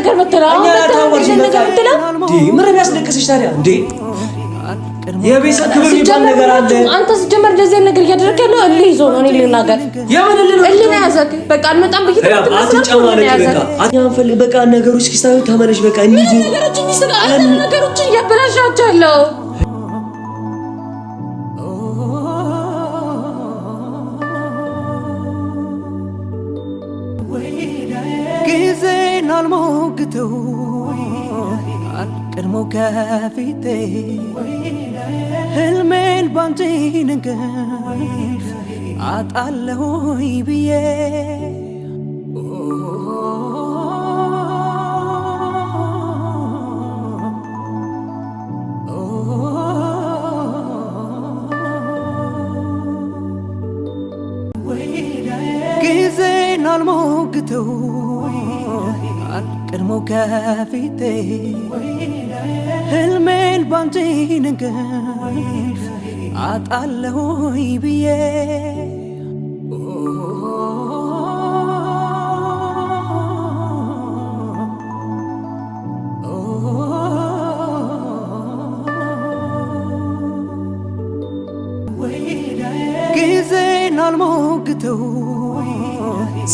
ነገር ብትለው ምንም ክብር ነገር አለ። አንተ ስትጀምር እንደዚህ ነገር እያደረገ ነው። እልህ ይዞ ነው። እኔ ልናገር እልህ ነው በቃ በቃ ነገሮች በቃ እያበላሻቸው ያለው አግቶ አልቀድሞ ከፊቴ ህልሜን ባንቺ ነገር አጣለሁኝ ብዬ ጊዜን አልሞግተው ቅድሞ ከፊቴ ህልሜን ባንቺ ንግፍ አጣለሁኝ ብዬ ጊዜን አልሞግተው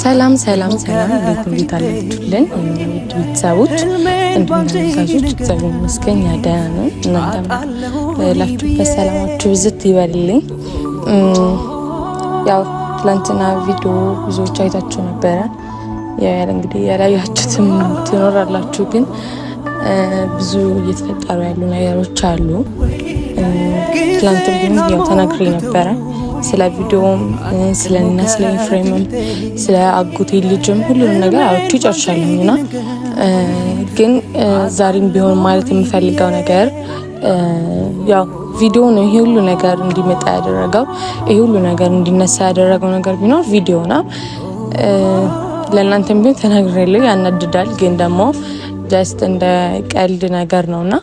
ሰላም ሰላም ሰላም፣ እንዴት አላችሁልን? ውድ ቤተሰቦች እንዲሁም ተመልካቾች እግዚአብሔር ይመስገን ደህና ነን። እናንተም ላችሁበት ሰላማችሁ ብዝት ይበልልኝ። ያው ትላንትና ቪዲዮ ብዙዎች አይታችሁ ነበረ። እንግዲህ ያላያችሁትም ትኖራላችሁ፣ ግን ብዙ እየተፈጠሩ ያሉ ነገሮች አሉ። ትላንትም ግን ያው ተናግሬ ነበረ ስለ ቪዲዮም፣ ስለና ስለ ኤፍሬምም፣ ስለ አጎቴ ልጅም ሁሉንም ነገር አውርቼ ጨርሻለሁኝ እና ግን ዛሬም ቢሆን ማለት የምፈልገው ነገር ያው ቪዲዮ ነው። ይሄ ሁሉ ነገር እንዲመጣ ያደረገው ይሄ ሁሉ ነገር እንዲነሳ ያደረገው ነገር ቢኖር ቪዲዮ ነው። ለእናንተም ቢሆን ተናግሬለሁ። ያናድዳል፣ ግን ደግሞ ጀስት እንደ ቀልድ ነገር ነውና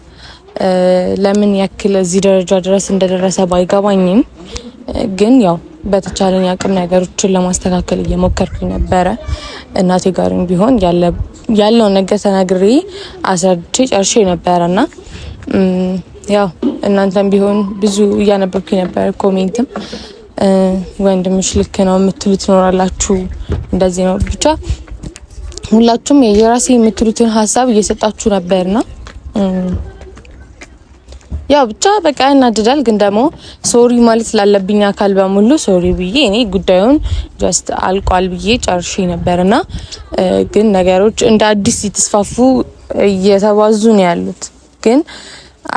ለምን ያክል እዚህ ደረጃ ድረስ እንደደረሰ ባይገባኝም ግን ያው በተቻለኝ አቅም ነገሮችን ለማስተካከል እየሞከርኩኝ ነበረ። እናቴ ጋርም ቢሆን ያለውን ነገር ተናግሬ አስረድቼ ጨርሼ ነበረ እና ያው እናንተም ቢሆን ብዙ እያነበብኩኝ ነበረ። ኮሜንትም ወንድምሽ ልክ ነው የምትሉ ትኖራላችሁ፣ እንደዚህ ነው ብቻ ሁላችሁም የራሴ የምትሉትን ሀሳብ እየሰጣችሁ ነበርና ያው ብቻ በቃ ያናድዳል። ግን ደግሞ ሶሪ ማለት ላለብኝ አካል በሙሉ ሶሪ ብዬ እኔ ጉዳዩን ጀስት አልቋል ብዬ ጨርሼ ነበርና ግን ነገሮች እንደ አዲስ የተስፋፉ እየተባዙ ነው ያሉት። ግን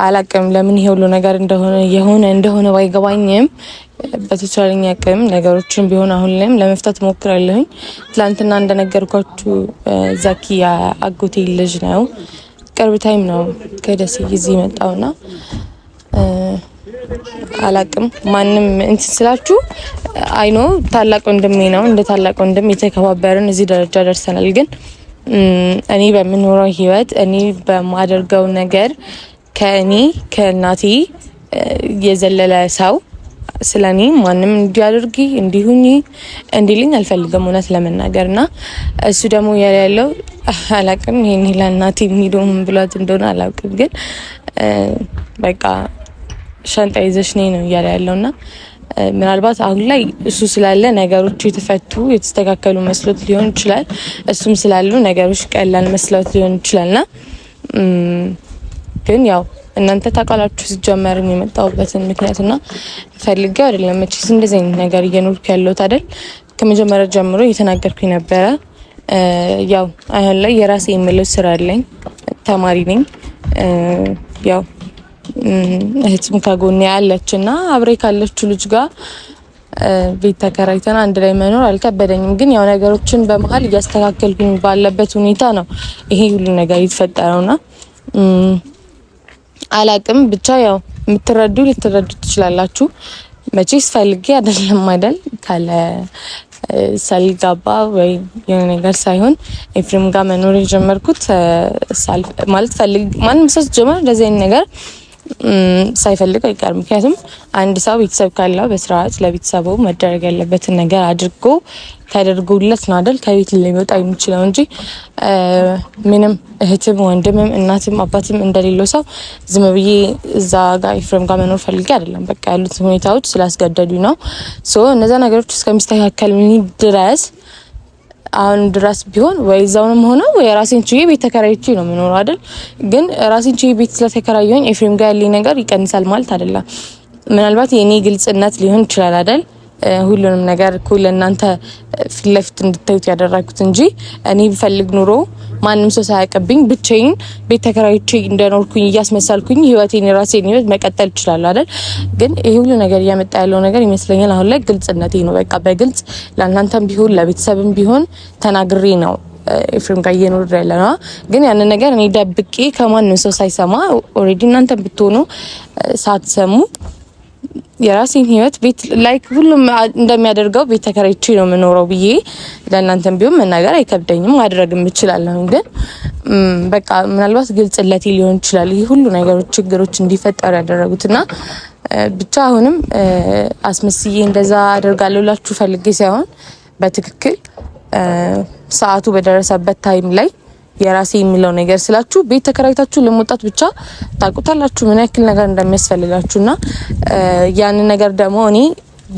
አላቅም ለምን ይሄ ሁሉ ነገር እንደሆነ የሆነ እንደሆነ ባይገባኝም በተቻለኝ አቅም ነገሮችን ቢሆን አሁን ላይም ለመፍታት ሞክራለሁኝ። ትላንትና እንደነገርኳችሁ ዛኪ አጎቴ ልጅ ነው ቅርብ ታይም ነው ከደሴ እዚህ የመጣውና አላቅም ማንም እንትን ስላችሁ አይኖ ታላቅ ወንድሜ ነው። እንደ ታላቅ ወንድም የተከባበርን እዚህ ደረጃ ደርሰናል። ግን እኔ በምኖረው ህይወት፣ እኔ በማደርገው ነገር ከእኔ ከእናቴ የዘለለ ሰው ስለ እኔ ማንም እንዲያደርጊ እንዲሁኝ እንዲልኝ አልፈልግም እውነት ለመናገር እና እሱ ደግሞ ያለው አላቅም ይህን ለእናት የሚሄደው ምን ብሏት እንደሆነ አላውቅም፣ ግን በቃ ሻንጣ ይዘሽ ነኝ ነው እያለ ያለው እና ምናልባት አሁን ላይ እሱ ስላለ ነገሮች የተፈቱ የተስተካከሉ መስሎት ሊሆን ይችላል። እሱም ስላሉ ነገሮች ቀላል መስሎት ሊሆን ና ግን ያው እናንተ ታውቃላችሁ ሲጀመር የመጣሁበትን ምክንያት እና ፈልጌ አይደለም። መቼስ እንደዚህ አይነት ነገር እየኖርኩ ያለሁት አይደል። ከመጀመሪያ ጀምሮ እየተናገርኩኝ ነበረ። ያው አሁን ላይ የራሴ የምለው ስራ አለኝ፣ ተማሪ ነኝ። ያው እህትም ከጎን ያለች እና አብሬ ካለችው ልጅ ጋር ቤት ተከራይተን አንድ ላይ መኖር አልከበደኝም። ግን ያው ነገሮችን በመሀል እያስተካከልኩኝ ባለበት ሁኔታ ነው ይሄ ሁሉ ነገር የተፈጠረውና አላቅም ብቻ ያው የምትረዱ ልትረዱ ትችላላችሁ። መቼስ ፈልጌ አይደለም አይደል ካለ ሳልጋባ ወይ የሆነ ነገር ሳይሆን ኤፍሬም ጋር መኖር የጀመርኩት ማለት ፈልግ ማንም ሰው ጀመር እንደዚህ አይነት ነገር ሳይፈልግ አይቀርም። ምክንያቱም አንድ ሰው ቤተሰብ ካለው በስርዓት ለቤተሰቡ መደረግ ያለበትን ነገር አድርጎ ተደርጎለት ነው አይደል ከቤት ሊወጣ የሚችለው እንጂ ምንም እህትም ወንድምም እናትም አባትም እንደሌለው ሰው ዝም ብዬ እዛ ጋር ኤፍሬም ጋር መኖር ፈልጌ አይደለም። በቃ ያሉት ሁኔታዎች ስላስገደዱ ነው። ሶ እነዛ ነገሮች እስከሚስተካከል ድረስ አሁን ድረስ ቢሆን ወይ እዛውንም ሆነ ወይ ራሴን ችዬ ቤት ተከራይቼ ነው የምኖረው አይደል? ግን ራሴን ችዬ ቤት ስለተከራየሁኝ ኤፍሬም ጋር ያለኝ ነገር ይቀንሳል ማለት አይደለም። ምናልባት የኔ ግልጽነት ሊሆን ይችላል አይደል? ሁሉንም ነገር እኩል እናንተ ፊት ለፊት እንድታዩት ያደረኩት እንጂ እኔ ብፈልግ ኑሮ ማንም ሰው ሳያቀብኝ ብቻዬን ቤት ተከራይቼ እንደኖርኩኝ እያስመሳልኩኝ ህይወቴን የራሴን ህይወት መቀጠል እችላለሁ አይደል? ግን ይህ ሁሉ ነገር እያመጣ ያለው ነገር ይመስለኛል አሁን ላይ ግልጽነቴ ነው። በቃ በግልጽ ለእናንተም ቢሆን ለቤተሰብም ቢሆን ተናግሬ ነው ኤፍሬም ጋር እየኖር ያለና ግን ያንን ነገር እኔ ደብቄ ከማንም ሰው ሳይሰማ ኦልሬዲ እናንተ ብትሆኑ ሳትሰሙ የራሴን ህይወት ቤት ላይክ ሁሉም እንደሚያደርገው ቤት ተከራይቼ ነው የምኖረው ብዬ ለእናንተም ቢሆን መናገር አይከብደኝም። ማድረግም እችላለሁ። ግን በቃ ምናልባት ግልጽለቴ ሊሆን ይችላል ይህ ሁሉ ነገሮች ችግሮች እንዲፈጠሩ ያደረጉትና ብቻ አሁንም አስመስዬ እንደዛ አደርጋለሁ ላችሁ ፈልጌ ሳይሆን በትክክል ሰዓቱ በደረሰበት ታይም ላይ የራሴ የሚለው ነገር ስላችሁ ቤት ተከራይታችሁ ለመውጣት ብቻ ታውቁታላችሁ ምን ያክል ነገር እንደሚያስፈልጋችሁና ያንን ነገር ደግሞ እኔ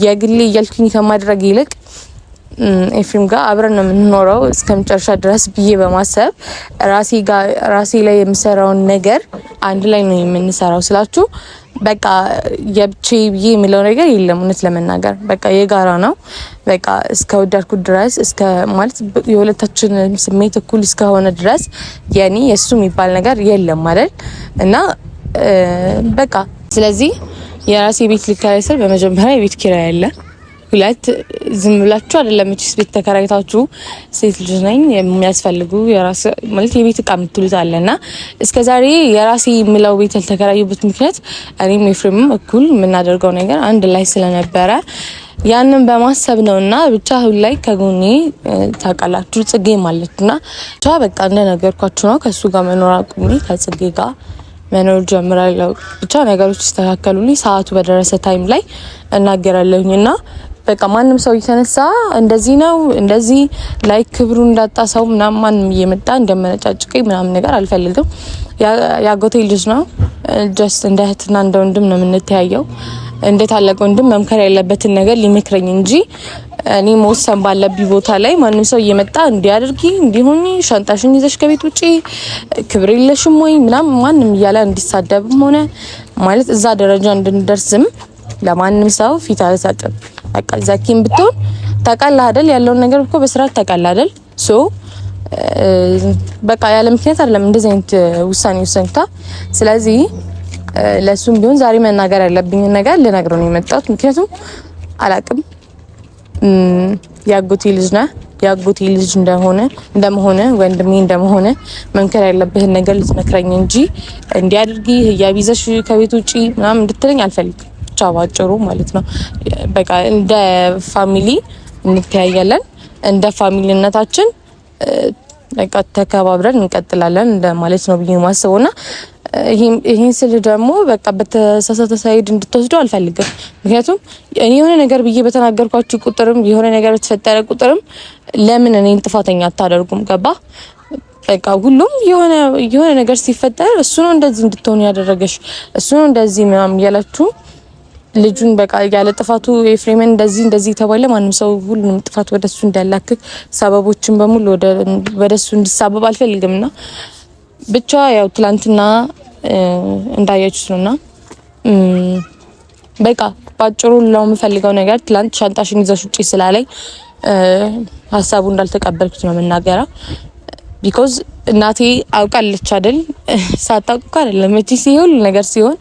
የግሌ እያልኩኝ ከማድረግ ይልቅ ኤፍሬም ጋር አብረን ነው የምንኖረው እስከ መጨረሻ ድረስ ብዬ በማሰብ ራሴ ላይ የምሰራውን ነገር አንድ ላይ ነው የምንሰራው ስላችሁ በቃ የብቼ ብዬ የሚለው ነገር የለም። እውነት ለመናገር በቃ የጋራ ነው። በቃ እስከ ወዳድኩት ድረስ እስከ ማለት የሁለታችን ስሜት እኩል እስከሆነ ድረስ የኔ የእሱ የሚባል ነገር የለም ማለት እና በቃ ስለዚህ የራሴ ቤት ልከራይ ስል በመጀመሪያ የቤት ኪራይ አለ ሁለት ዝም ብላችሁ አይደለም እቺስ ቤት ተከራይታችሁ ሴት ልጅ ነኝ የሚያስፈልጉ የራስ ማለት የቤት እቃ የምትሉት አለና እስከዛሬ የራሴ የምለው ቤት ያልተከራዩበት ምክንያት እኔም ኤፍሬም እኩል የምናደርገው ነገር አንድ ላይ ስለነበረ ያንን በማሰብ ነውና ብቻ አሁን ላይ ከጎኔ ታውቃላችሁ ጽጌ ማለትና ብቻ በቃ እንደነገርኳችሁ ነው። ከእሱ ጋር መኖር አቁሜ ከጽጌ ጋር መኖር ጀምራለሁ። ብቻ ነገሮች ይስተካከሉልኝ፣ ሰዓቱ በደረሰ ታይም ላይ እናገራለሁኝና በቃ ማንም ሰው እየተነሳ እንደዚህ ነው እንደዚህ ላይ ክብሩ እንዳጣ ሰው ምናምን ማንም እየመጣ እንደመነጫጭቀኝ ምናምን ነገር አልፈልግም። ያጎቴ ልጅ ነው። ጀስት እንደ እህትና እንደ ወንድም ነው የምንተያየው። እንደ ታላቅ ወንድም መምከር ያለበትን ነገር ሊመክረኝ እንጂ እኔ መወሰን ባለብኝ ቦታ ላይ ማንም ሰው እየመጣ እንዲያደርጊ እንዲሆኝ ሻንጣሽን ይዘሽ ከቤት ውጪ ክብር የለሽም ወይ ምናምን ማንም እያለ እንዲሳደብም ሆነ ማለት እዛ ደረጃ እንድንደርስም ለማንም ሰው ፊት አልሰጥም። በቃ ዛኪም ብትሆን ታውቃለህ አይደል? ያለውን ነገር እኮ በስርዓት ታውቃለህ አይደል? ሶ በቃ ያለ ምክንያት አይደለም እንደዚህ አይነት ውሳኔ ወሰንካ። ስለዚህ ለሱም ቢሆን ዛሬ መናገር ያለብኝን ነገር ልነግረው ነው የመጣሁት። ምክንያቱም አላቅም የአጎቴ ልጅ ነህ። የአጎቴ ልጅ እንደሆነ እንደመሆነ ወንድሜ እንደመሆነ መንከር ያለብህን ነገር ልትመክረኝ እንጂ እንዲያድርጊ ህያብ ይዘሽ ከቤት ውጪ ምናምን እንድትለኝ አልፈልግም። ብቻ ባጭሩ ማለት ነው። በቃ እንደ ፋሚሊ እንተያያለን። እንደ ፋሚሊነታችን በቃ ተከባብረን እንቀጥላለን ማለት ነው ብዬ ማስበውና ይህን ስል ደግሞ በቃ በተሳሳተ ሳይድ እንድትወስዱ አልፈልግም። ምክንያቱም እኔ የሆነ ነገር ብዬ በተናገርኳችሁ ቁጥርም የሆነ ነገር በተፈጠረ ቁጥርም ለምን እኔን ጥፋተኛ አታደርጉም? ገባ በቃ ሁሉም የሆነ ነገር ሲፈጠር እሱ ነው እንደዚህ እንድትሆኑ ያደረገሽ እሱ ነው እንደዚህ ምናምን እያላችሁ ልጁን በቃ ያለ ጥፋቱ ኤፍሬምን እንደዚህ እንደዚህ የተባለ ማንም ሰው ሁሉንም ጥፋት ወደሱ እንዲያላክክ ሰበቦችን በሙሉ ወደሱ እንዲሳበብ አልፈልግም ና ብቻ ያው ትላንትና እንዳያችሁት ና በቃ ባጭሩ ለው የምፈልገው ነገር ትላንት ሻንጣሽን ይዘሽ ውጪ ስላለኝ ሀሳቡ እንዳልተቀበልኩት ነው የምናገረው። ቢኮዝ እናቴ አውቃለች አይደል? ሳታውቅ እኮ አይደለም። መቼ ሲሆን ነገር ሲሆን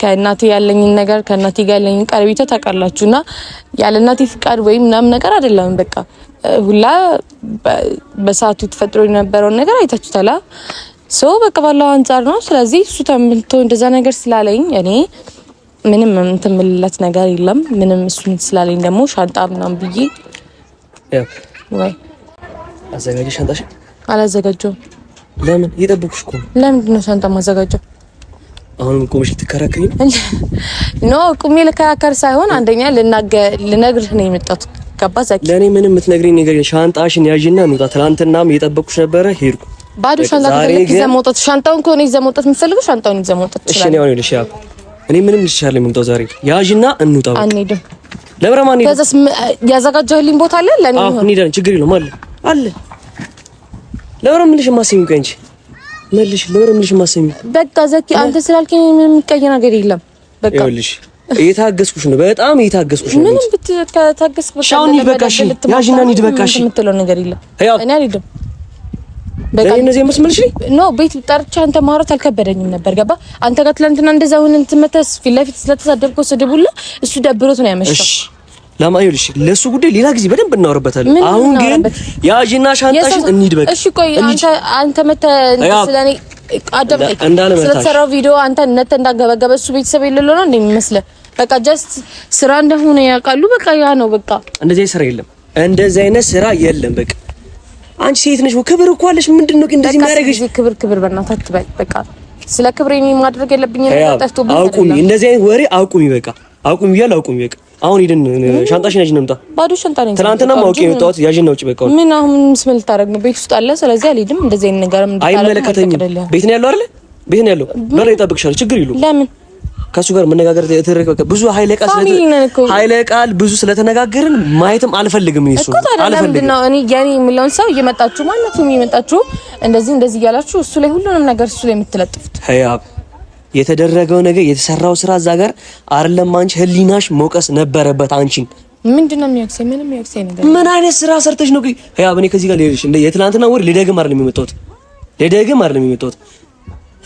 ከእናቴ ያለኝን ነገር ከእናቴ ጋር ያለኝን ቀረቤታ ታውቃላችሁ። እና ያለ እናቴ ፍቃድ ወይም ምናምን ነገር አይደለም። በቃ ሁላ በሰዓቱ ተፈጥሮ የነበረውን ነገር አይታችሁታላ። ሶ በቃ ባለው አንጻር ነው። ስለዚህ እሱ ተምልቶ እንደዛ ነገር ስላለኝ እኔ ምንም የምትምልለት ነገር የለም። ምንም እሱን ስላለኝ ደግሞ ሻንጣ ምናምን ብዬ አዘጋጀ ሻንጣሽ አላዘጋጀውም። ለምን እየጠበኩሽ እኮ ነው። ለምንድን ነው ሻንጣ ማዘጋጀው? አሁን ቆምሽ ትከራከሪ ኖ ቁሜ ልከራከር ሳይሆን አንደኛ ልነግርህ ነው የመጣሁት። ገባ ዘኪ? ለእኔ ምንም የምትነግሪኝ ነገር ሻንጣሽን ያዥና እንውጣ። ትናንትናም እየጠበኩሽ ነበረ፣ ሄድኩ። ባዶ ሻንጣ እኔ ምንም ዛሬ ቦታ አለ ለኔ አሁን አለ ለምን የምልሽ የማሰሚው ቀን እንጂ መልሽ ለምን የምልሽ የማሰሚው በቃ ዘኪ፣ አንተ ስላልከኝ ምንም የሚቀየር ነገር የለም። በቃ ይኸውልሽ እየታገስኩሽ ነው። በጣም እየታገስኩሽ ነው። ምንም ብትታገስኩ በቃ ሻውን ይበቃሽ። ያጂና ንድ በቃሽ የምትለው ነገር የለም። እኔ አልሄድም። በቃ እነዚህ መስመልሽ ኖ ቤት ጠርቻ አንተ ማውራት አልከበደኝም ነበር። ገባ አንተ ጋር ትናንትና እንደዛ ሆነን ትመተስ ፊት ለፊት ስለተሳደብኩ ስድቡላ እሱ ደብሮት ነው ያመሸው። ለማ ይኸውልሽ፣ ለሱ ጉዳይ ሌላ ጊዜ በደንብ እናወራበታለን። አሁን ግን ያዥና ሻንጣሽን እንሂድ። በቃ እሺ፣ ቆይ አንተ አንተ መተ ስለኔ እንዳለ ስለተሰራው ቪዲዮ አንተ ነተ እንዳገበገበ እሱ ቤተሰብ የሌለው ነው እንዴ እንደሚመስልህ። በቃ ጀስት ስራ እንደሆነ ያውቃሉ። በቃ ያ ነው በቃ። እንደዚህ ስራ የለም፣ እንደዚህ አይነት ስራ የለም። በቃ አንቺ ሴት ነሽ፣ ክብር እኮ አለሽ። ምንድን ነው እንደዚህ የሚያደርግሽ? ክብር ክብር፣ በእናትህ አትበል። በቃ ስለ ክብሬ ማድረግ የለብኝም። ጠፍቶብኝ አቁሚ፣ እንደዚህ አይነት ወሬ አቁሚ። በቃ አቁሚ እያለ አቁሚ በቃ አሁን ሄደን ሻንጣሽን ያዥን እንምጣ። ባዶ ሻንጣ ነኝ። ትናንትና ማውቂ የወጣሁት ያዥን ነው። በቃ ምን አሁን ምስመል ልታደርግ ነው? ቤት ውስጥ አለ። ስለዚህ አልሄድም። እንደዚህ አይነት ነገር አይመለከተኝም። ቤት ነው ያለው አይደል? ቤት ነው ያለው። በር ይጠብቅሻል። ችግር ይሉ ለምን ከሱ ጋር መነጋገር የተደረገ በቃ ብዙ ኃይለ ቃል ኃይለ ቃል ብዙ ስለተነጋገርን ማየትም አልፈልግም። እሱ አልፈልግም ነው እኔ ያኔ የምለውን ሰው እየመጣችሁ ማለቱም እየመጣችሁ እንደዚህ እንደዚህ እያላችሁ እሱ ላይ ሁሉንም ነገር እሱ ላይ የምትለጥፉት የተደረገው ነገር የተሰራው ስራ እዛ ጋር አይደለም። አንቺ ህሊናሽ መውቀስ ነበረበት አንቺን ምንድነው የሚያክሰኝ? ምንም የሚያክሰኝ ነገር ምን አይነት ስራ ሰርተሽ ነው? ግን ያ እኔ ከዚህ ጋር ልሄድሽ እንደ የትናንትና ወር ልደግም አይደለም የሚመጣው ልደግም አይደለም የሚመጣው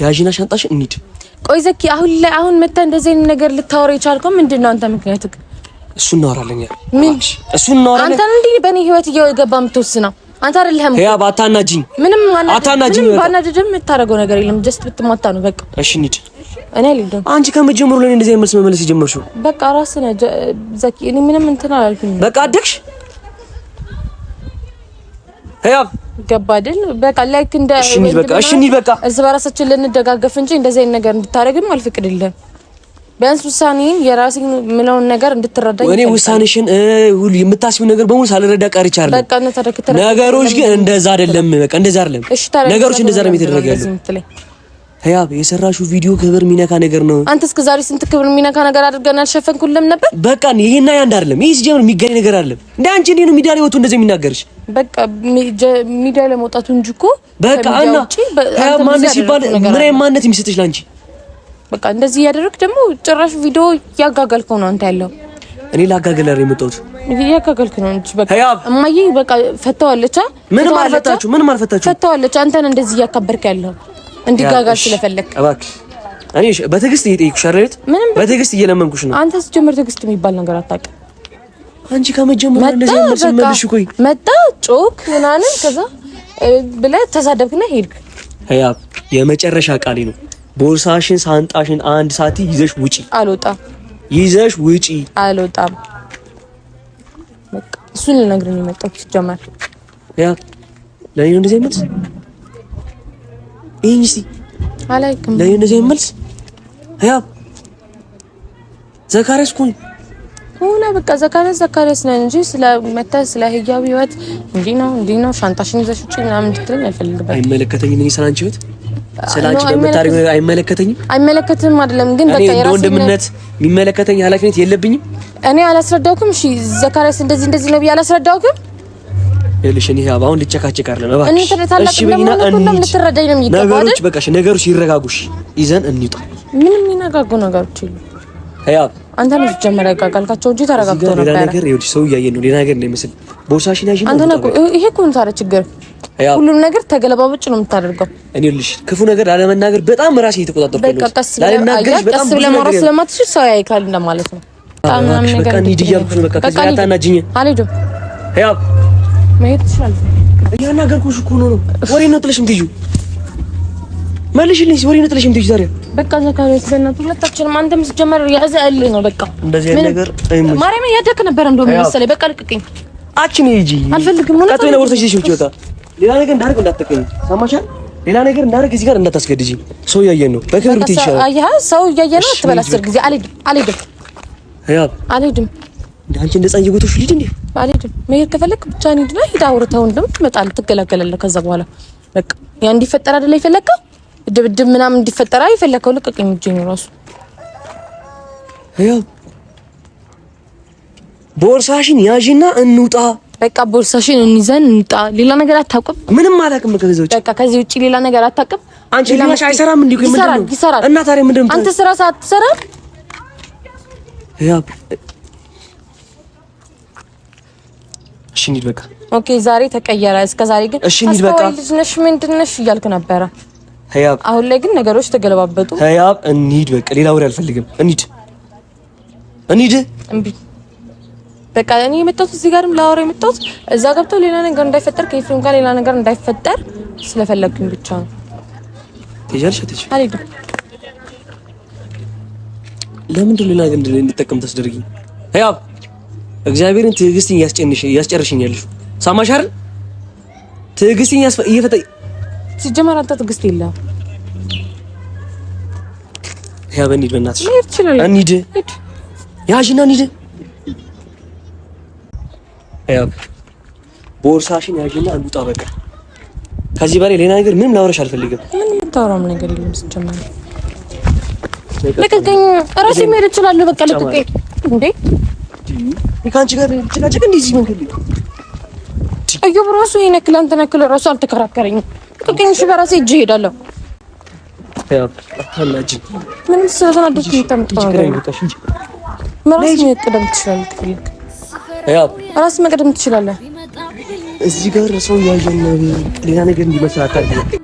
ያጂና ሻንጣሽ እንሂድ። ቆይ ዘኪ፣ አሁን ላይ አሁን መታ እንደዚህ አይነት ነገር ልታወራ የቻልከው ምንድነው? አንተ ምክንያትህ እሱ እናወራለን። ያ ምን እሱ እናወራለን። አንተ እንዴ በእኔ ህይወት እየገባ የምትወስነው አንተ አይደለህም። ያ ባታናጂኝ፣ ምንም አናጂኝ፣ ምንም ባናጂኝ የምታደርገው ነገር የለም። ጀስት ብትማታ ነው በቃ። እሺ እንሂድ እኔ አልሄድም። አንቺ ከመጀመሩ ለኔ እንደዚህ አይነት መልስ መመለስ የጀመርሽው በቃ ራስህ ነህ ዘኪ። እኔ ምንም እንትን አላልኩኝ። በቃ አደግሽ ህያብ ገባ አይደል? በቃ ላይክ እንደ እሺ እንሂድ በቃ እሺ በቃ እዚህ በራሳችን ልንደጋገፍ እንጂ እንደዚህ አይነት ነገር እንድታደርግም አልፈቅድልህም። ቢያንስ ውሳኔን የራሴን ምለውን ነገር እንድትረዳኝ። እኔ ውሳኔሽን ሁሉ የምታስቢው ነገር በሙሉ ሳልረዳ ቀርቼ አይደለም። በቃ ነገሮች ግን እንደዛ አይደለም። በቃ እንደዛ አይደለም ነገሮች እንደዛ ነው የተደረገ ያለው ህያብ የሰራሹ ቪዲዮ ክብር የሚነካ ነገር ነው። አንተ እስከ ዛሬ ስንት ክብር የሚነካ ነገር አድርገን አልሸፈንኩልም ነበር። በቃ ይሄና ያንድ አይደለም። ይሄ ሲጀምር የሚገኝ ነገር አይደለም። እንደ አንቺ እንዴ ነው ሚዲያ ላይ ወጥቶ እንደዚህ የሚናገርሽ? በቃ ሚዲያ ላይ መውጣቱ እንጂ እኮ በቃ አና ህያብ ማነስ ሲባል ምን አይነት ማነት የሚሰጥሽ ላንቺ? በቃ እንደዚህ እያደረግ ደግሞ ጭራሽ ቪዲዮ ያጋጋልከው ነው አንተ ያለው እኔ ላጋገለ ነው የመጣሁት። እያጋገልክ ነው እንጂ በቃ እማዬ በቃ ፈታዋለች። ምንም አልፈታችሁ፣ ምንም አልፈታችሁ፣ ፈታዋለች። አንተን እንደዚህ እያካበርክ ያለው እንዲጋጋል ስለፈለክ እባክህ እኔ በትዕግስት እየጠየኩሽ አይደል? በትዕግስት እየለመንኩሽ ነው። አንተ ስትጀምር ትዕግስት የሚባል ነገር አታውቅም። አንቺ ከመጀመሪያው ቆይ መጣ ጮክ ምናምን ከዛ ብለህ ተሳደብክና ሄድክ። ህያብ የመጨረሻ ቃሌ ነው። ቦርሳሽን፣ ሳንጣሽን አንድ ሰዓት ይዘሽ ውጪ። አልወጣም። ይዘሽ ውጪ። አልወጣም። እሱን ልነግርህ ነው የመጣሁት። ሲጀመር ህያብ ለእኔ ነው እንደዚህ አይነት ይሄን እስቲ አላይኩም ለእነዚህ መልስ ያው ዘካሪያስ ኩኝ ሆነ በቃ ዘካሪያስ ዘካሪያስ ነን እንጂ ስለ መታ ስለ ህያው ህይወት እንዲህ ነው እንዲህ ነው ሻንጣሽን ይዘሽ ውጪ ምናምን እንድትለኝ አልፈልግም። አይመለከተኝም። እኔ ስላንቺ ህይወት ስላንቺ በምታደርጊው ነገር አይመለከተኝም። አይመለከትም አይደለም ግን በቃ የራስህ ወንድምነት የሚመለከተኝ ኃላፊነት የለብኝም። እኔ አላስረዳውክም። እሺ ዘካሪያስ እንደዚህ እንደዚህ ነው ብዬ አላስረዳውክም። ልሽን ይሄ አሁን ልጨካጨቅ አይደለም። እባክሽ እሺ በይና ነገሮች በቃሽ፣ ነገሮች ይረጋጉሽ፣ ይዘን እንውጣ። ምንም ይነጋጉ ነገሮች ይሉ ህያብ አንተ ነው ጀመረ ያጋጋልካቸው እንጂ ተረጋግቶ ነበር። ሌላ ነገር ይኸውልሽ፣ ሰው እያየን ነው። ሌላ ነገር እንዳይመስል ቦርሳሽን ያዥ። አንተ ነው ይሄ እኮ ነው ታዲያ ችግር። ሁሉም ነገር ተገለባበጭ ነው የምታደርገው። እኔ ልሽ ክፉ ነገር ላለመናገር በጣም ራሴ እየተቆጣጠርኩ ነው። በቃ ቀስ ብለህ ማውራት ስለማትችል ሰው ያይካል እንደማለት ነው። በጣም ነገር ነው። ነው። በቃ ከዚህ አታናጅኝ። አልሄድም መሄድ ትችላለህ። እያናገርኩሽ እኮ ነው ወሬ ነው ጥለሽ ምትዩ መልሽልኝ። ወሬ ነው ጥለሽ ምትዩ ዛሬ በቃ ዘካሪያስ በእናትህ ሁለታችንም አንተም ስትጀመር ያዘህልኝ ነው በቃ እንደዚህ አይነት ነገር ማርያም እያደረክ ነበር እንደውም መሰለኝ። በቃ ልቅቅኝ። አችን ሂጂ አልፈልግም። ሆነ ቀጥ ነው ወርተሽ ይሽው ይወጣ ሌላ ነገር እንዳደርግ እንዳትቀኝ ሰማሻል። ሌላ ነገር እንዳደርግ እዚህ ጋር እንዳታስገድጂ። ሰው እያየን ነው። በክብር ትይሻል። አያ ሰው እያየን ነው። አትበል አስር ጊዜ አልሄድም፣ አልሄድም፣ አልሄድም አንቺ እንደ ጻን ይጎቶሽ ልጅ እንዴ አልሄድም። መሄድ ከፈለክ ብቻ ሂድና ሂድ፣ አውርተው እንደምትመጣልህ ትገላገላለህ። ከዛ በኋላ በቃ ያ እንዲፈጠር አይደለ የፈለከው ድብድብ ምናምን እንዲፈጠር የፈለከው። ልቀቀኝ የሚጀኝ ራሱ ያው ቦርሳሽን ያዢና እንውጣ። በቃ ቦርሳሽን እንይዘን እንውጣ። ሌላ ነገር አታውቅም። ምንም አላውቅም። ከዚህ ውጪ በቃ ከዚህ ውጪ ሌላ ነገር አታውቅም። አንቺ ሌላሽ አይሰራም። እንዴ? ምንድን ይሰራል፣ ይሰራል። እና ታዲያ ምንድን አንተ ስራ ሰዓት ትሰራለህ። ያው እሺ እንሂድ በቃ። ኦኬ ዛሬ ተቀየረ። እስከ ዛሬ ግን እሺ እንሂድ በቃ። ልጅ ነሽ ምንድን ነሽ እያልክ ነበረ። ህያብ አሁን ላይ ግን ነገሮች ተገለባበጡ። ህያብ እንሂድ በቃ። ሌላ ወሬ አልፈልግም። እንሂድ እንሂድ። እምቢ በቃ እኔ የመጣሁት እዚህ ጋርም ላወራ የመጣሁት እዛ ገብቶ ሌላ ነገር እንዳይፈጠር ከኤፍሬም ጋር ሌላ ነገር እንዳይፈጠር ስለፈለግኩኝ ብቻ ነው። ትሄጃለሽ? አትሄጂም? አልሄድም። ለምንድን ነው ሌላ ነገር እንድጠቀም ታስደርጊኝ ህያብ እግዚአብሔርን ትዕግስትን ያስጨርሽኛል። ሰማሽ አይደል? ትዕግስትን እየተጠ ሲጀመር አንተ ትዕግስት የለህም። ያበ እንሂድ፣ በእናትሽ እንሂድ፣ ያዥና እንሂድ። ያብ ቦርሳሽን ያዥና እንውጣ። በቃ ከዚህ በላይ ሌላ ነገር ምንም ላወራሽ አልፈልግም። ምንም የምታወራው ነገር የለም። ሲጀመር ልቅቀኝ፣ እራሴ መሄድ እችላለሁ። በቃ ልቅቀኝ እንዴ ይካንቺ ጋር ጭቃጭቅ እንደዚህ መንገድ ላይ እዩ ብራሱ ይነክል አንተን ያክል ራሱ አልተከራከረኝም። ቅቅኝሽ በራሴ እጅ ሄዳለሁ። ምን ስለተናደድኩ ራስ መቅደም ትችላለህ። እዚህ ጋር ሰው ያየን ሌላ ነገር እንዲመስል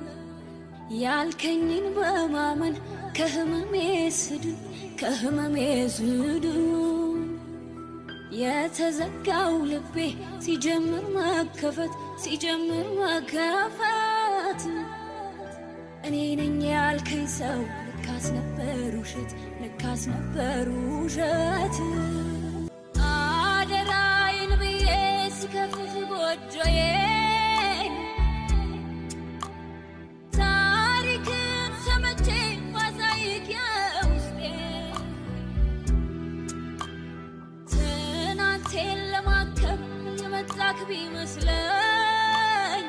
ያልከኝን በማመን ከህመሜ ስድን ከህመሜ ስድን የተዘጋው ልቤ ሲጀምር መከፈት ሲጀምር መከፈት እኔ ነኝ ያልከኝ ሰው ልካስ ነበር ውሸት ልካስ ነበር ውሸት ቢመስለኝ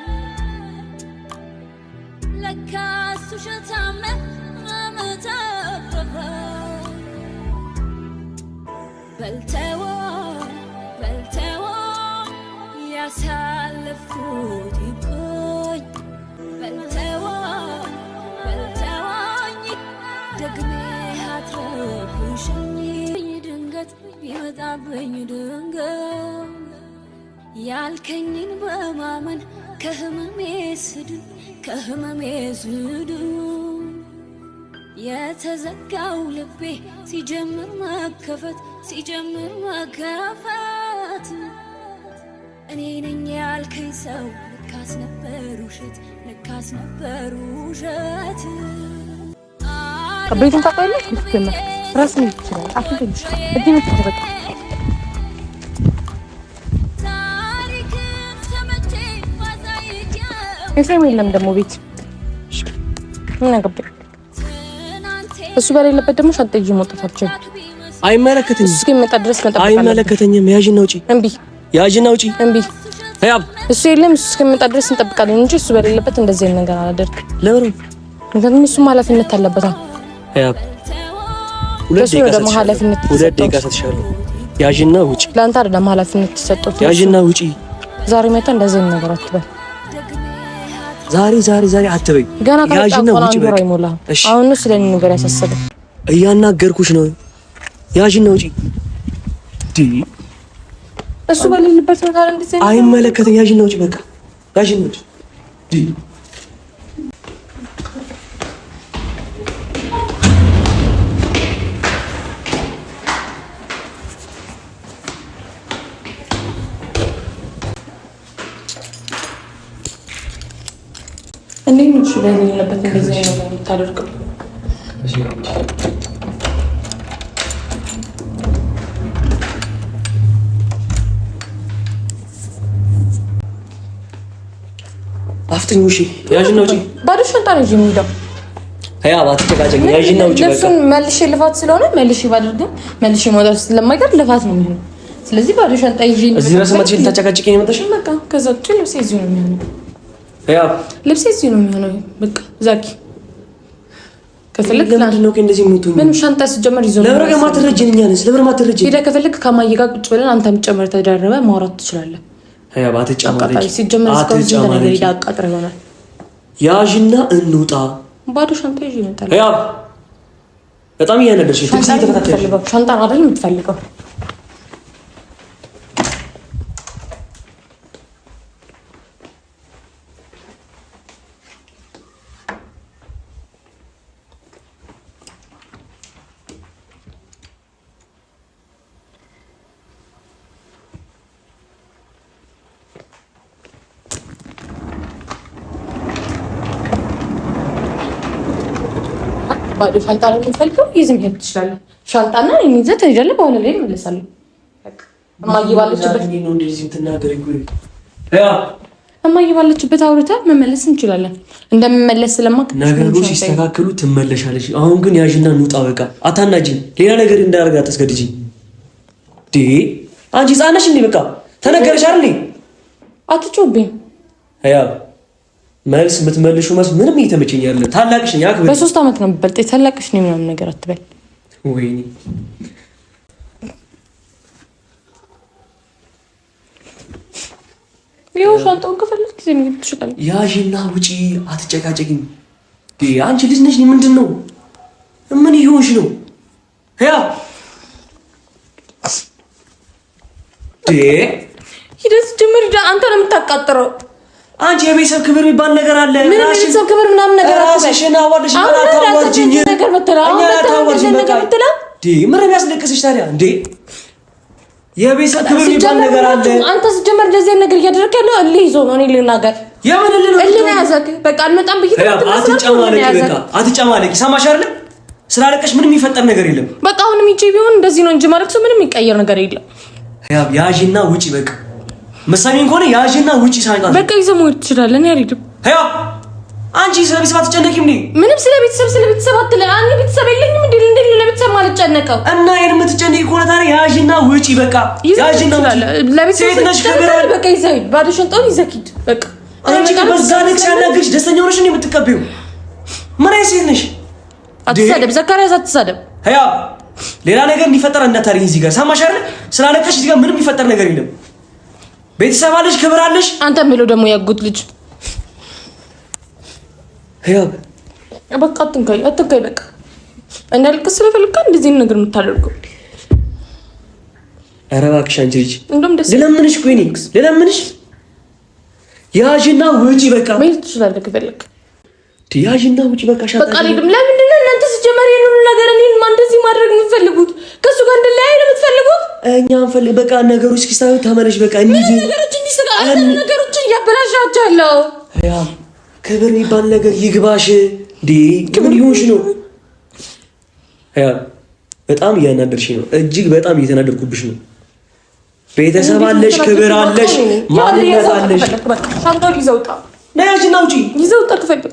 ለካሱ ሸታመ መተፈፈ በልተወ በልተወ ያሳለፍኩት ይቆኝ በልተወ በልተወኝ ደግሜ አትረፍሽኝ ድንገት ቢመጣብኝ ድንገት ያልከኝን በማመን ከህመሜ ስድን ከህመሜ ስድን የተዘጋው ልቤ ሲጀምር መከፈት ሲጀምር መከፈት እኔ ነኝ ያልከኝ ሰው ልካስ ነበር ውሸት ልካስ ነበር ውሸት ቤቱን ታውቀዋለህ። ራስ ይችላል አፍ ይችላል እጅ በቃ ኤፍሬም የለም ደግሞ ቤት ምን አገባኝ። እሱ በሌለበት ደግሞ ሻንጣ ይዤ መውጣታችን አይመለከተኝም። እስኪመጣ ድረስ መጠበቅ አይመለከተኝም። ያዥና ውጪ። እምቢ። ያዥና ውጪ። እምቢ። ያብ እሱ የለም። እሱ እስኪመጣ ድረስ እንጠብቃለን እንጂ እሱ በሌለበት እንደዚህ አይነት ነገር አላደርግም። ለምን? ምክንያቱም እሱም ኃላፊነት አለበት። ያብ ሁለት ደቂቃ ኃላፊነት ሁለት ደቂቃ ሰጥሻለሁ። ያዥና ውጪ። ለአንተ አይደለም ኃላፊነት ተሰጥቶት። ያዥና ውጪ። ዛሬ መጣ እንደዚህ አይነት ነገር አትበል። ዛሬ ዛሬ ዛሬ አትበይ። ገና ያዥና ውጪ በቃ አሁን ነው ስለኔ ነገር ያሳሰበው። እያናገርኩሽ ነው። ያዥና ዲ እሱ በሌለበት አይመለከተኝ። ያዥና ውጪ በቃ ያዥና ዲ በሌለበት እንደዚህ ነው የምታደርገው። አፍጥኝ ውሺ፣ ያዥና ውጪ። ባዶ ሻንጣ ነው የሚሄደው። ልብሱን መልሼ ልፋት ስለሆነ መልሼ ባደርግም መልሼ መውጣት ስለማይቀር ልፋት ነው የሚሆነው። ስለዚህ ባዶ ሻንጣ ይዤ እዚህ ድረስ መጥቼ ልታጨቃጭቂኝ ነው የመጣሽው? በቃ ከዛ ውጪ ልብሴ እዚሁ ነው የሚሆነው። ልብሴ እዚህ ነው የሚሆነው። በቃ ዛኪ ከፈለክ ሻንጣ ሲጀመር ይዞ ከማየ ጋር ቁጭ ብለን አንተም ጨምረህ ተደረበ ማውራት ትችላለህ። ሲጀመር ይሆናል። ያዥና እንውጣ። ባዶ ሻንጣ ይዤ እመጣለሁ። በጣም እያነደርሽ ሻንጣ አይደል የምትፈልገው ባዶ ሻንጣ ነው የምትፈልገው? ይዘህ መሄድ ትችላለህ። ሻንጣና እኔን ይዘህ ትሄጃለህ። በኋላ ላይ እመለሳለሁ። እማዬ ባለችበት እማዬ ባለችበት አውርተህ መመለስ እንችላለን። እንደምመለስ ስለማ ነገሮች ሲስተካከሉ ትመለሻለች። አሁን ግን ያዥና እንውጣ። በቃ አታናጂኝ። ሌላ ነገር እንዳደርግ አታስገድጂኝ። አንቺ ህፃን ነሽ እንዴ? በቃ ተነገረሽ አይደል? አትጮህብኝ። መልስ የምትመልሹ መልስ ምንም እየተመቸኝ ያለ ታላቅሽ ነኝ አክብር። በሶስት ዓመት ነው የምትበልጥ ታላቅሽ ነኝ ምናምን ነገር አትበል። ወይኔ ይኸው ሻንጣውን ከፈለግ ጊዜ ምግብ ትችላለህ። ያዥና ውጪ አትጨቃጨቂኝ። አንቺ ልጅ ነሽ። ምንድን ነው ምን ይሁንሽ ነው ያ ሂደት ጀምር። አንተ ነው የምታቃጥረው አንቺ የቤተሰብ ክብር የሚባል ነገር አለ። ምን የቤተሰብ ክብር ምናምን ነገር አለ። ራስሽን አዋርደሽ ነገር ምንም ያስለቅስሽ ታዲያ እንዴ? የቤተሰብ ክብር የሚባል ነገር አለ። አንተ ስትጀምር እንደዚህ ዓይነት ነገር እያደረግ ያለው እልህ ይዞ ነው። እኔ ልናገር እልህ ነው ያዘክ። በቃ አልመጣም ብዬሽ አትጨማለቂ። ሰማሽ አይደለ? ስላለቀሽ ምንም የሚፈጠር ነገር የለም። በቃ አሁንም ይቼ ቢሆን እንደዚህ ነው እንጂ ማለት ምንም የሚቀየር ነገር የለም። ያዥና ውጪ በቃ መሳሚን ከሆነ ያዥና ውጪ ሳይቃል በቃ ይዘ መሄድ ትችላለህ። እኔ አልሄድም። ሄሎ አንቺ ስለ ቤተሰብ አትጨነቂም እንዴ? ምንም ስለ ቤተሰብ ስለ ቤተሰብ አትለ አንድ ቤተሰብ የለኝም እንዴ? እንዴ ለቤተሰብ ማልጨነቀው እና ይሄን የምትጨነቂ ከሆነ ታዲያ ያዥና ውጪ በቃ ያዥና ውጪ ለቤተሰብ ሴት ነሽ ከበራ በቃ ይዘ ባዶ ሸንጣውን ይዘኪድ በቃ አንቺ በዛ ልክ ሲያናግርሽ ደስተኛ ሆነሽ ነው የምትቀበይው። ምን አይነት ሴት ነሽ? አትሳደብ ዘካሪያስ፣ አትሳደብ ያ ሌላ ነገር እንዲፈጠር እንዳታደርጊ። እዚህ ጋር ሰማሽ አይደል? ስላለቀሽ እዚህ ጋር ምንም የሚፈጠር ነገር የለም። ቤተሰብ አለሽ፣ ክብር አለሽ። አንተ የሚለው ደግሞ ያጉት ልጅ ህያብ በቃ አትንካይ፣ አትንካይ። በቃ እንዳልቅስ ስለፈለክ እንደዚህ ነገር የምታደርገው ኧረ እባክሽ አንቺ ልጅ ልለምንሽ፣ ኩኒክስ ልለምንሽ፣ ያዥና ውጪ። በቃ ምን ትችላለህ ከፈለክ፣ ያዥና ውጪ። በቃ ሻታ በቃ ለምን እናንተ ሲጀመር የሉሉ ነገር እኔን ማን እንደዚህ ማድረግ የምትፈልጉት ከእሱ ጋር እንድለያይ ነው የምትፈልጉት? እኛ አንፈልግ። በቃ ነገሮች እስኪሳዩ ተመለሽ። በቃ እንጂ ነገሮች እንጂ ስለ አንተ ነገሮችን እያበላሻቸዋለሁ። ያ ክብር የሚባል ነገር ይግባሽ። ዲ ምን ይሆንሽ ነው? ያ በጣም እያናደርሽ ነው። እጅግ በጣም እየተናደርኩብሽ ነው። ቤተሰብ አለሽ፣ ክብር አለሽ፣ ማንነት አለሽ። ይዘውጣ ነያጅ ናውጪ ይዘውጣ ክፈልግ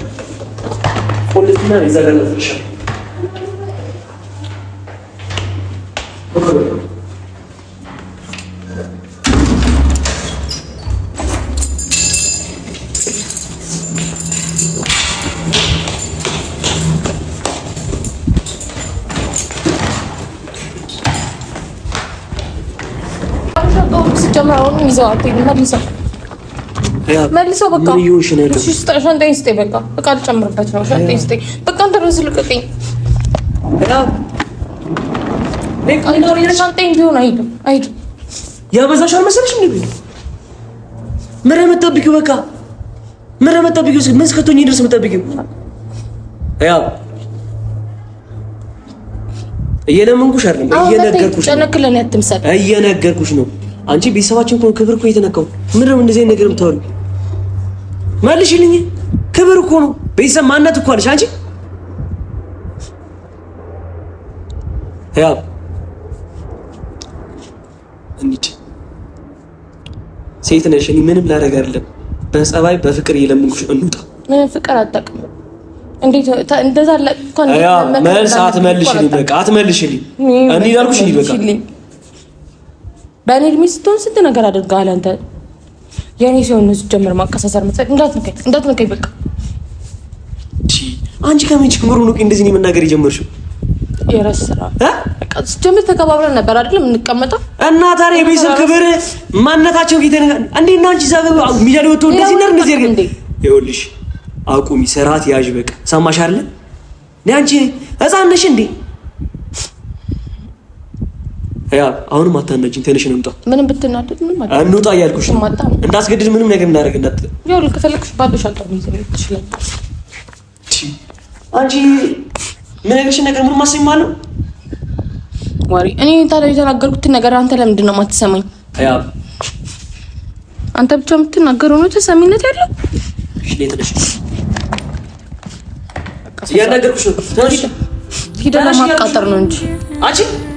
Palestina is an official. Cho nó bây giờ tính là bây መልሰው በቃ ሻንጣዬን ስጠኝ። በቃ በቃ ልጨምርበት ነው። ሻንጣዬን ስጠኝ። በቃ እንደረዝ ልቀቀኝ። ሻንጣዬን ቢሆን አይሄድም አይሄድም። ያበዛሽ አልመሰለሽም? ምነው የምጠብቂው? በቃ ምነው የምጠብቂው? ምን እስክትሆኚ ድረስ የምጠብቂው? ያው እየለመንኩሽ አይደለም፣ እየነገርኩሽ ነው። እየነገርኩሽ ነው። አንቺ ቤተሰባችን እኮ ክብር እኮ የተነካው። ምነው እንደዚህ ነገር የምታወሪው? መልሽልኝ። ክብር እኮ ነው፣ ቤተሰብ ማነት እኮ አለሽ አንቺ። ያው እንዴ ሴት ነሽ፣ እኔ ምንም ላደርግ አይደለም። በጸባይ በፍቅር የለምንኩሽ፣ እንውጣ። ምን ፍቅር አጣቅም እንዴት እንደዛ ለቅኳን መልስ አትመልሽልኝ፣ በቃ አትመልሽልኝ። እኔ ዳልኩሽ፣ በቃ በእኔ እድሜ ስትሆን ስንት ነገር አድርገሃል አንተ የእኔ ሲሆን እሱ ጀምር ማቀሳሰር መሰለኝ። እንዳትነካኝ እንዳትነካኝ፣ በቃ አንቺ ከምን ጀምሮ ነው እንደዚህ ነው መናገር የጀመርሽው? የራስ ስራ በቃ ጀምር። ተከባብረን ነበር አይደለም እንቀመጠው እና ታዲያ የቤተሰብ ክብር ማነታቸው ጌታ እንዴ? እና አንቺ ዛበ ሚዲያ ላይ ወጥቶ እንደዚህ ነር እንደዚህ ያርገ ይኸውልሽ፣ አቁሚ፣ ስርዓት ያዥ። በቃ ሰማሽ አይደል? አንቺ ህፃን ነሽ እንዴ? ያ አሁንም አታናጅኝ። ተነሽ እንውጣ። ምንም ብትናደድ ምንም አታናጅኝ። እንውጣ እያልኩሽ እንዳስገድድ ምንም ነገር እንዳደርግ እንዳት ያው ልክ ከፈለግሽ ባዶ ሻንጣ አንቺ ምን ነገርሽን ነገር ምን ማሰማለሁ ዋሪ እኔ ታዲያ የተናገርኩትን ነገር አንተ ለምንድን ነው የማትሰማኝ? ያ አንተ ብቻ የምትናገረው ነው ተሰሚነት ያለው። እሺ ተነሽ፣ እያናገርኩሽ ነው። ተነሽ ሂደህ ለማቃጠር ነው እንጂ አንቺ